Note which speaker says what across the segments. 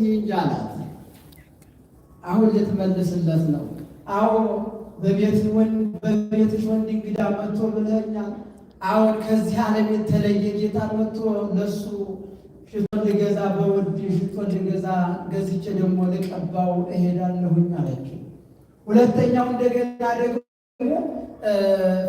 Speaker 1: ስጪኝ እንጂ አላት። አሁን ልትመልስለት ነው። አዎ በቤት በቤትሽ ወንድ እንግዳ መጥቶ ብለኛል። አሁን ከዚህ ዓለም የተለየ ጌታ መጥቶ ለሱ ሽቶ ልገዛ በውድ ሽቶ ልገዛ ገዝቼ ደግሞ ልቀባው እሄዳለሁኝ አለችው። ሁለተኛው እንደገና ደግሞ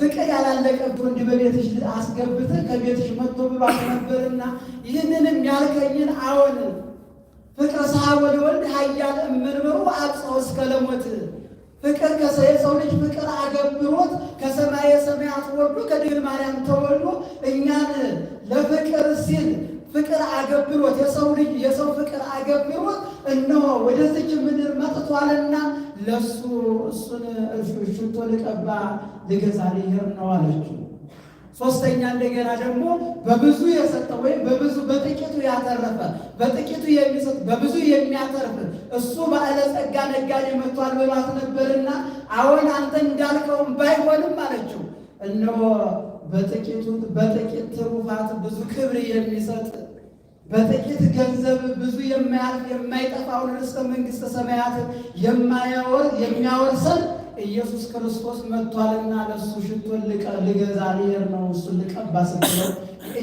Speaker 1: ፍቅር ያላለቀብት ወንድ በቤትሽ አስገብተ ከቤትሽ መጥቶ ብባል ነበርና ይህንንም ያልከኝን አዎን ፍቅር ሰሐብ ወደ ወልድ ሀያል እምንምሩ አብፀው እስከ ለሞት ፍቅር የሰው ልጅ ፍቅር አገብሮት ከሰማየ ሰማያት ወርዶ ከድንግል ማርያም ተወልዶ እኛን ለፍቅር ሲል ፍቅር አገብሮት የሰው ልጅ የሰው ፍቅር አገብሮት እነሆ ወደዚች ምድር መጥቷልና ለሱ እሱን ሽቶ ልቀባ ልገዛ ልሄድ ነው አለችው። ሶስተኛ እንደገና ደግሞ በብዙ የሰጠ ወይም በብዙ በጥቂቱ ያተረፈ በጥቂቱ የሚሰጥ በብዙ የሚያተርፍ እሱ ባለ ጸጋ ነጋዴ መጥቷል ብሏት ነበርና አሁን አንተ እንዳልከውም ባይሆንም አለችው። እነሆ በጥቂቱ በጥቂት ትሩፋት ብዙ ክብር የሚሰጥ በጥቂት ገንዘብ ብዙ የማያልፍ የማይጠፋውን ርስተ መንግስተ ሰማያት የማያወር የሚያወርሰን ኢየሱስ ክርስቶስ መጥቷልና ለሱ ሽቶ ልገዛ ልሄድ ነው እሱን ልቀባ ስትለው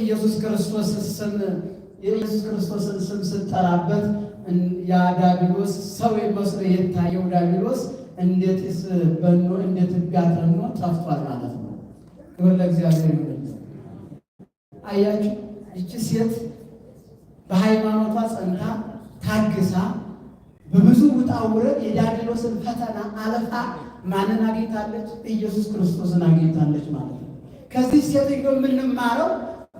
Speaker 1: ኢየሱስ ክርስቶስ ስም የኢየሱስ ክርስቶስን ስም ስጠራበት ያ ዳቢሎስ ሰው መስሎ የታየው ዳቢሎስ እንዴትስ በኖ እንዴት ቢያተኖ ጠፍቷል ማለት ነው። ይሁን ለእግዚአብሔር ይሁን። አያችሁ ይቺ ሴት በሃይማኖቷ ጸንታ ታግሳ በብዙ ውጣ ውረድ የዳቢሎስን ፈተና አለፋ ማንን አግኝታለች? ኢየሱስ ክርስቶስን አግኝታለች ማለት ነው። ከዚህ ሴትዮ የምንማረው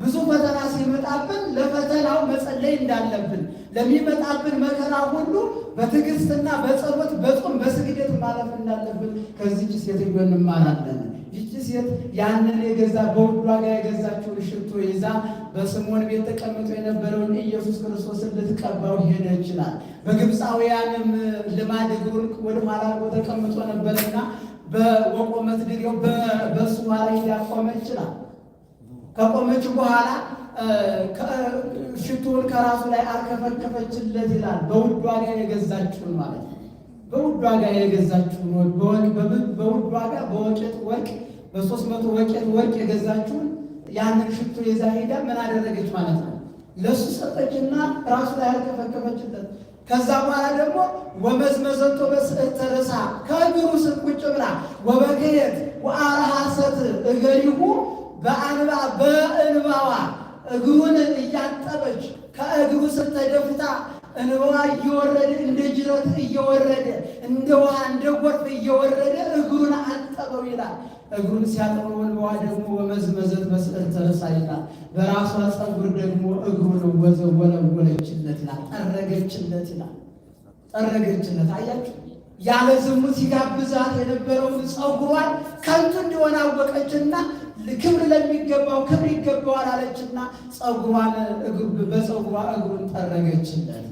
Speaker 1: ብዙ ፈተና ሲመጣብን ለፈተናው መጸለይ እንዳለብን ለሚመጣብን መከራ ሁሉ በትዕግስትና በጸሎት በጾም በስግደት ማለፍ እንዳለብን ከዚች ሴት እንማራለን። ይቺ ሴት ያንን የገዛ በውድ ዋጋ የገዛችውን ሽቶ ይዛ በስምዖን ቤት ተቀምጦ የነበረውን ኢየሱስ ክርስቶስ ልትቀባው ሄደ ይችላል። በግብፃውያንም ልማድ እግሩን ወደኋላ ተቀምጦ ነበርና በወቆመት ድሬው በእሱ ኋላ ሊያቆመ ይችላል። ከቆመች በኋላ ሽቱን ከራሱ ላይ አርከፈከፈችለት ይላል። በውድ ዋጋ የገዛችሁን ማለት ነው። በውድ ዋጋ የገዛችሁን ወርቅ በውድ ዋጋ በወቄት ወርቅ በሶስት መቶ ወቄት ወርቅ የገዛችሁን ያንን ሽቱ የዛ ሄዳ ምን አደረገች ማለት ነው ለሱ ሰጠችና ራሱ ላይ አርከፈከፈችለት። ከዛ በኋላ ደግሞ ወመዝመዘቶ በስተረሳ ከእግሩ ስር ቁጭ ብላ ወበገየት ወአረሃሰት እገሪሁ በአንባ በእንባዋ እግሩን እያጠበች ከእግሩ ስር ተደፍታ እንባዋ እየወረደ እንደ ጅረት እየወረደ እንደ ውሃ እንደ ጎርፍ እየወረደ እግሩን አጠበው ይላል። እግሩን ሲያጠበው እንባዋ ደግሞ በመዝመዘት መስጠት ተበሳይታ በራሷ ፀጉር ደግሞ እግሩን ወዘወለወለችለት ይላል። ጠረገችለት ይላል። ጠረገችለት አያችሁ። ያለ ዝሙት ሲጋብዛት የነበረውን ፀጉሯን ከንቱ እንደሆነ አወቀችና ክብር ለሚገባው ክብር ይገባዋል አለችና ጸጉሯን በጸጉሯ እግሩን ጠረገችለት።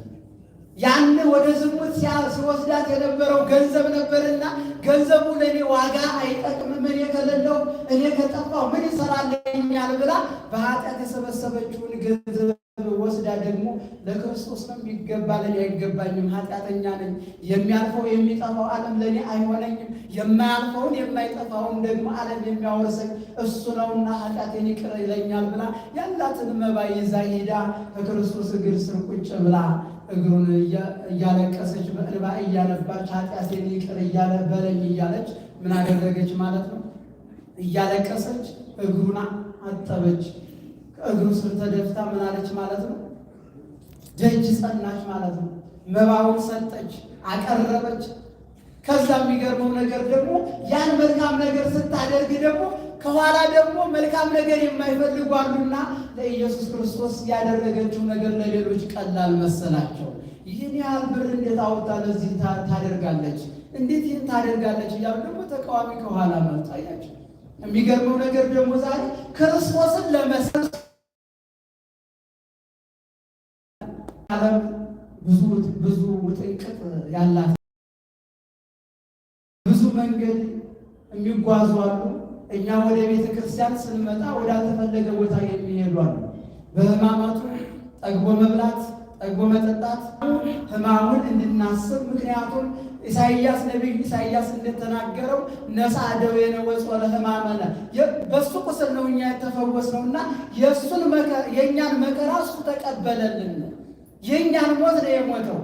Speaker 1: ያን ወደ ዝሙት ሲወስዳት የነበረው ገንዘብ ነበርና ገንዘቡ ለእኔ ዋጋ አይጠቅምም፣ እኔ ከሌለው እኔ ከጠፋው ምን ይሰራልኛል ብላ በኃጢአት የሰበሰበችውን ገንዘብ ወስዳ ደግሞ ለክርስቶስ ነው የሚገባ፣ ለኔ አይገባኝም፣ ኃጢአተኛ ነኝ፣ የሚያልፈው የሚጠፋው ዓለም ለኔ አይሆነኝም፣ የማያልፈውን የማይጠፋውን ደግሞ ዓለም የሚያወርሰኝ እሱ ነውና ኃጢአቴን ይቅር ይለኛል ብላ ያላትን መባ ይዛ ሄዳ ከክርስቶስ እግር ስር ቁጭ ብላ እግሩን እያለቀሰች በእንባ እያነባች ኃጢአቴን ይቅር እያለ በለኝ እያለች ምን አደረገች ማለት ነው? እያለቀሰች እግሩን አጠበች። እግሩ ስር ተደፍታ ምናለች ማለት ነው። ደጅ ጸናች ማለት ነው። መባውን ሰጠች፣ አቀረበች። ከዛ የሚገርመው ነገር ደግሞ ያን መልካም ነገር ስታደርግ ደግሞ ከኋላ ደግሞ መልካም ነገር የማይፈልጉ አሉና ለኢየሱስ ክርስቶስ ያደረገችው ነገር ለሌሎች ቀላል መሰላቸው። ይህን ያህል ብር እንዴት አውጥታ ለዚህ ታደርጋለች? እንዴት ይህን ታደርጋለች? እያሉ ደግሞ ተቃዋሚ ከኋላ መጣያቸው። የሚገርመው ነገር ደግሞ ዛሬ ክርስቶስን ለመሰስ ብዙ ብዙ ውጥንቅጥ ያላት ብዙ መንገድ የሚጓዙ አሉ። እኛ ወደ ቤተ ክርስቲያን ስንመጣ ወዳልተፈለገ ቦታ የሚሄዱ አሉ። በሕማማቱ ጠግቦ መብላት፣ ጠግቦ መጠጣት ሕማሙን እንድናስብ ምክንያቱም ኢሳይያስ ነቢዩ ኢሳይያስ እንደተናገረው ነሳ ደዌነ ወጾረ ሕማመነ በሱ ቁስል ነው እኛ የተፈወስነውና የእሱን የእኛን መከራ እሱ ተቀበለልን። የእኛን ሞት ነው የሞተው።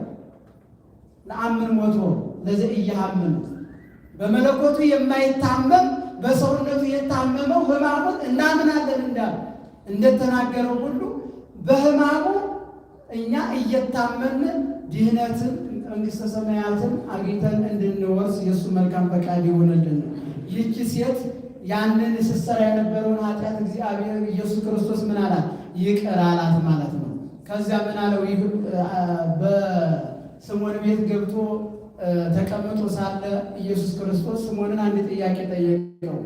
Speaker 1: ለአምን ሞቶ ለዘኢያምን በመለኮቱ የማይታመም በሰውነቱ የታመመው ሕማሙን እናምናለን እንዳለ እንደተናገረው ሁሉ በሕማሙ እኛ እየታመምን ድህነትን መንግሥተ ሰማያትን አግኝተን እንድንወርስ የእሱ መልካም ፈቃድ ይሆንልን። ይህቺ ሴት ያንን ስሰራ የነበረውን ኃጢአት እግዚአብሔር ኢየሱስ ክርስቶስ ምን አላት? ይቅር አላት ማለት ነው። ከዚያ ምን አለው? ይህ በስምዖን ቤት ገብቶ ተቀምጦ ሳለ ኢየሱስ ክርስቶስ ስምዖንን አንድ ጥያቄ ጠየቀው።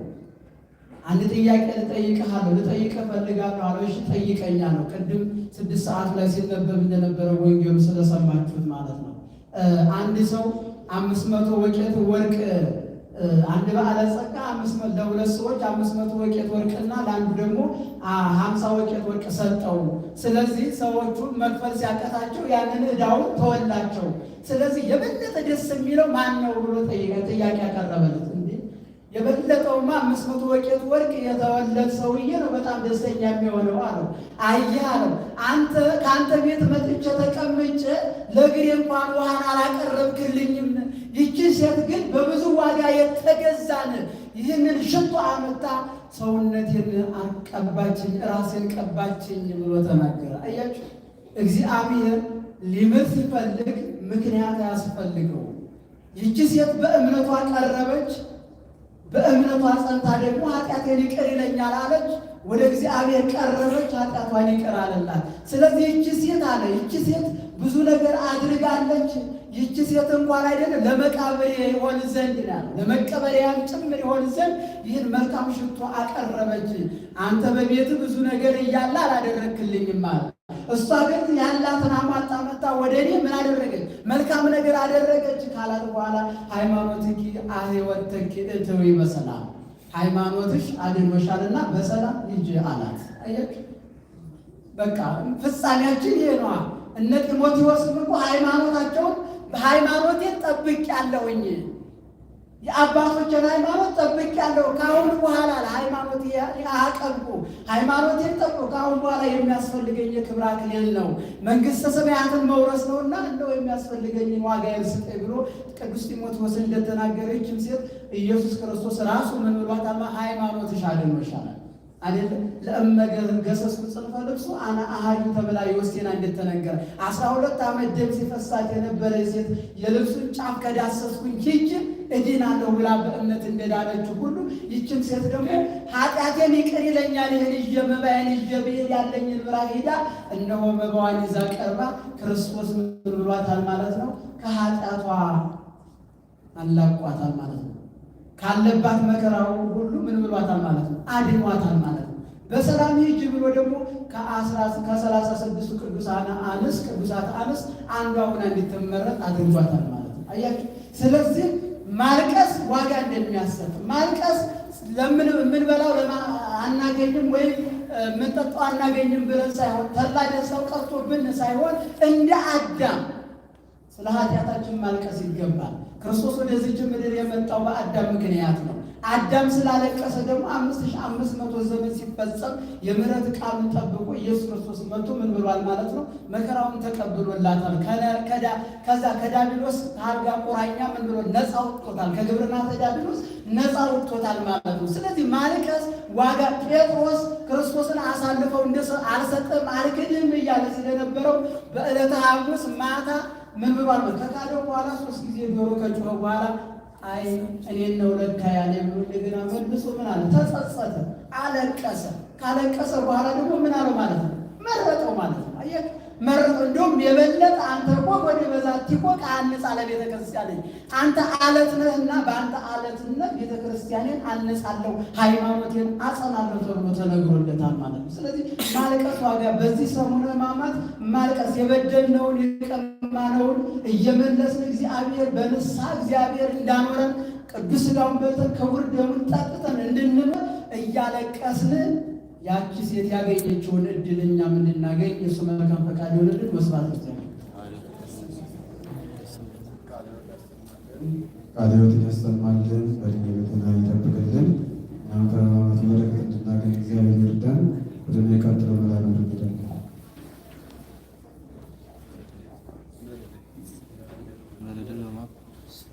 Speaker 1: አንድ ጥያቄ ልጠይቅሃለሁ፣ ልጠይቅህ እፈልጋለሁ አለው። እሺ ጠይቀኛ ነው። ቅድም ስድስት ሰዓት ላይ ሲነበብ እንደነበረ ወንጌሉ ስለሰማችሁት ማለት ነው። አንድ ሰው አምስት መቶ ወቄት ወርቅ አንድ ባለጸጋ አምስት መቶ ለሁለት ሰዎች አምስት መቶ ወቄት ወርቅና ለአንዱ ደግሞ ሀምሳ ወቄት ወርቅ ሰጠው። ስለዚህ ሰዎቹን መክፈል ሲያቀታቸው ያንን እዳውን ተወላቸው። ስለዚህ የበለጠ ደስ የሚለው ማን ነው ብሎ ጥያቄ ያቀረበለት የበለጠውማ አምስት መቶ ወቄት ወርቅ የተወለድ ሰውዬ ነው በጣም ደስተኛ የሚሆነው አለው። አየህ አለው አንተ ከአንተ ቤት መጥቼ ተቀምጬ ለእግሬ እንኳን ውሃን አላቀረብክልኝም ይቺ ሴት ግን በብዙ ዋጋ የተገዛን ይህንን ሽቶ አመጣ ሰውነቴን አቀባችኝ፣ ራሴን ቀባችኝ ብሎ ተናገረ። አያችሁ እግዚአብሔር ሊምር ሲፈልግ ምክንያት አያስፈልገው። ይቺ ሴት በእምነቷ ቀረበች። በእምነቷ ጸንታ ደግሞ ኃጢአቴን ይቅር ይለኛል አለች። ወደ እግዚአብሔር ቀረበች፣ ኃጢአቷን ይቅር አለላት። ስለዚህ ይቺ ሴት አለ ይቺ ሴት ብዙ ነገር አድርጋለች። ይቺ ሴት እንኳን አይደለ ለመቃብሪያ ይሆን ዘንድ ይላል ለመቀበሪያም ጭምር ይሆን ዘንድ ይህን መልካም ሽቶ አቀረበች። አንተ በቤት ብዙ ነገር እያለ አላደረክልኝም አለ። እሷ ግን ያላትን አማጣ መጣ ወደ እኔ ምን አደረገች? መልካም ነገር አደረገች ካላት በኋላ ሃይማኖትኪ አህወተኪ እትዊ በሰላም ሃይማኖትሽ አድኖሻልና በሰላም ይጅ አላት። አያችሁ በቃ ፍጻሜያችን ይሄ ነዋ። እነ ጢሞቴዎስም እኮ ሃይማኖታቸውን በሃይማኖቴ ጠብቅ ያለውኝ የአባቶችን ሃይማኖት ጠብቅ ያለው ከአሁን በኋላ ለሃይማኖት ያቀልቁ ሃይማኖቴን ጠብቁ። ከአሁን በኋላ የሚያስፈልገኝ የክብር አክሊል ነው፣ መንግሥተ ሰማያትን መውረስ ነው እና እንደው የሚያስፈልገኝ ዋጋ ስጠኝ ብሎ ቅዱስ ጢሞቴዎስ እንደተናገረ ይህችም ሴት ኢየሱስ ክርስቶስ ራሱ ምን ብሏታል? ሃይማኖትሽ አድኖሻል አይደለም ለእመ ገሰስኩ ጽንፈ ልብሱ አነ አሃዱ ተብላ ዮሴና እንደተነገረ አስራ ሁለት ዓመት ደም ሲፈሳት የነበረ ሴት የልብሱን ጫፍ ከዳሰስኩኝ ሂጅ እድናለሁ ብላ በእምነት እንደዳነችው ሁሉ ይችም ሴት ደግሞ ኃጢአቴን ይቅር ይለኛል ይህን ይዤ መባዬን ይዤ ብሄድ ያለኝን ብላ ሄዳ እነሆ መባዋን ይዛ ቀርባ ክርስቶስ ምን ብሏታል ማለት ነው ከኃጢአቷ አላቋታል ማለት ነው ካለባት መከራው ሁሉ ምን ብሏታል አድኗታል ማለት ነው። በሰላም ሂጂ ብሎ ደግሞ ከሰላሳ ስድስቱ ቅዱሳን አንስ ቅዱሳት አንስ አንዷ ሆና እንድትመረጥ አድርጓታል ማለት ነው። አያችሁ። ስለዚህ ማልቀስ ዋጋ እንደሚያሰጥ ማልቀስ ለምን የምንበላው አናገኝም ወይም የምንጠጣው አናገኝም ብለን ሳይሆን ተድላ ደርሰው ቀርቶብን ሳይሆን እንደ አዳም ስለ ኃጢአታችን ማልቀስ ይገባል። ክርስቶስ ወደዚች ምድር የመጣው በአዳም ምክንያት ነው። አዳም ስላለቀሰ ደግሞ አምስት ሺህ አምስት መቶ ዘመን ሲፈጸም የምህረት ቃሉን ጠብቆ ኢየሱስ ክርስቶስ መቶ ምን ብሏል ማለት ነው? መከራውን ተቀብሎላታል። ከዛ ከዳቢሎስ ታርጋ ቁራኛ ምን ብሎ ነፃ ወጥቶታል። ከግብርና ተዳቢሎስ ነፃ ወጥቶታል ማለት ነው። ስለዚህ ማልቀስ ዋጋ ጴጥሮስ ክርስቶስን አሳልፈው እንደ አልሰጠም አልክድም እያለ ስለነበረው በዕለተ ሐሙስ ማታ ምን ብሏል? ከካደ በኋላ ሶስት ጊዜ ዶሮ ከጮኸ በኋላ አይ እኔን ነው ለካ ያለ ብሎ እንደገና መልሶ ምን አለ? ተጸጸተ፣ አለቀሰ። ካለቀሰ በኋላ ደግሞ ምን አለ ማለት ነው? መረጠው ማለት ነው። አያችሁ መርጦ እንዲሁም የበለጠ አንተ እኮ ወደ በዛቲ እኮ ከአንጻ ለቤተ ክርስቲያን አንተ አለት ነህና በአንተ አለትነት ቤተ ክርስቲያንን አነጻለሁ፣ ሃይማኖቴን አጸናለሁ ተብሎ ተነግሮለታል ማለት ነው። ስለዚህ ማልቀስ ዋጋ በዚህ ሰሙነ ሕማማት ማልቀስ የበደልነውን የቀማነውን እየመለስን እግዚአብሔር በንስሐ እግዚአብሔር እንዳኖረን ቅዱስ ሥጋውን በልተን ክቡር ደሙን ጠጥተን እንድንኖር እያለቀስን ያቺ ሴት ያገኘችውን እድልኛ እኛም እንድናገኝ የእሱ መልካም ፈቃድ ይሆንልን። መስማት ለእግዚአብሔር። ቃለ ሕይወትን ያሰማልን፣ በድሜ በጤና ይጠብቅልን። ያንተ በረከት እንድናገኝ እግዚአብሔር ይርዳን። ወደ ወደሚቀጥለው